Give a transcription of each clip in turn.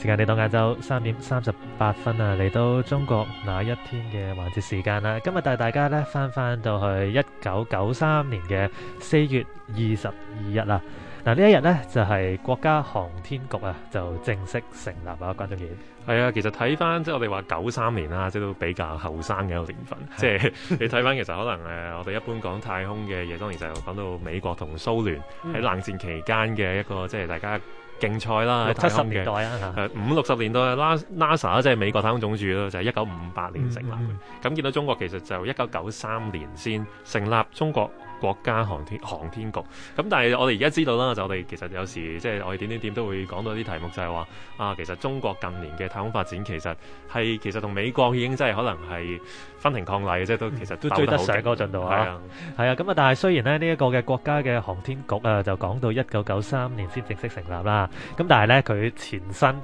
時間你到下3 38分，晏晝三點三十八分啊，嚟到中國那一天嘅環節時間啦。今日帶大家咧翻翻到去一九九三年嘅四月二十二日啦。嗱，呢一日咧就係國家航天局啊，就正式成立啊，觀眾見。係啊，其實睇翻即係我哋話九三年啦，即係都比較後生嘅一個年份。即係、就是、你睇翻，其實可能誒，我哋一般講太空嘅嘢，當然就係講到美國同蘇聯喺冷戰期間嘅一個，嗯、即係大家。競賽啦，七十年代啦、啊，嚇、呃，五六十年代，NASA 啦、嗯、即係美國太空總署啦，就係一九五八年成立嘅。、嗯。咁、嗯、見到中國，其實就一九九三年先成立中國。國家航天航天局咁。但係我哋而家知道啦，就我哋其實有時即係我哋點點點都會講到啲題目，就係話啊，其實中國近年嘅太空發展其實係其實同美國已經真係可能係分庭抗禮嘅，即係都其實都追得上嗰個進度啊！係啊，係啊，咁啊，但係雖然咧，呢一個嘅國家嘅航天局啊，就講到一九九三年先正式成立啦，咁但係咧，佢前身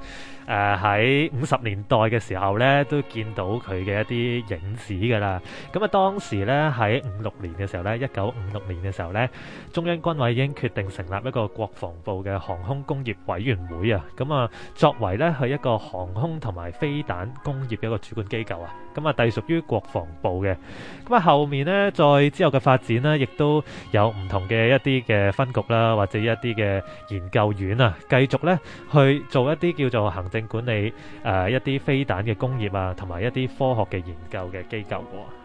誒喺五十年代嘅時候咧，都見到佢嘅一啲影子㗎啦。咁啊當時咧喺五六年嘅時候咧一九五六年嘅時候咧，中央軍委已經決定成立一個國防部嘅航空工業委員會啊，咁啊作為咧係一個航空同埋飛彈工業嘅一個主管機構啊，咁啊隸屬於國防部嘅，咁啊後面咧再之後嘅發展咧，亦都有唔同嘅一啲嘅分局啦，或者一啲嘅研究院啊，繼續咧去做一啲叫做行政管理誒一啲飛彈嘅工業啊，同埋一啲科學嘅研究嘅機構。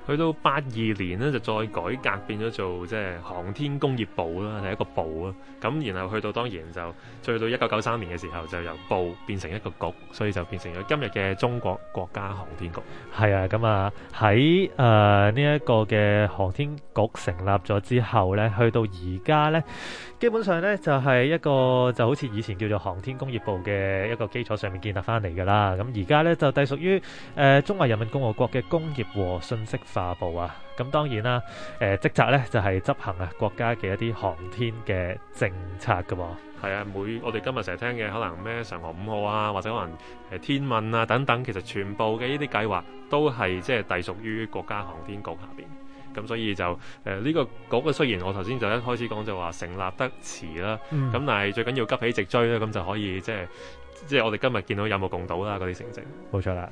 去到八二年咧就再改革變咗做。即係航天工業部啦，係一個部啊。咁然後去到當然就，就去到一九九三年嘅時候，就由部變成一個局，所以就變成咗今日嘅中國國家航天局。係啊，咁啊喺呢一個嘅航天局成立咗之後呢，去到而家呢，基本上呢，就係一個就好似以前叫做航天工業部嘅一個基礎上面建立翻嚟㗎啦。咁而家呢，就隸屬於中華人民共和國嘅工業和信息化部啊。咁當然啦，誒、呃、職責咧就係、是、執行啊國家嘅一啲航天嘅政策嘅。係啊，每我哋今日成日聽嘅，可能咩嫦娥五號啊，或者可能天問啊等等，其實全部嘅呢啲計劃都係即係隸屬於國家航天局下邊。咁所以就誒呢、呃這個局嘅，雖然我頭先就一開始講就話成立得遲啦，咁、嗯、但係最緊要急起直追咧，咁就可以即係即係我哋今日見到有目共睹啦嗰啲成績。冇錯啦。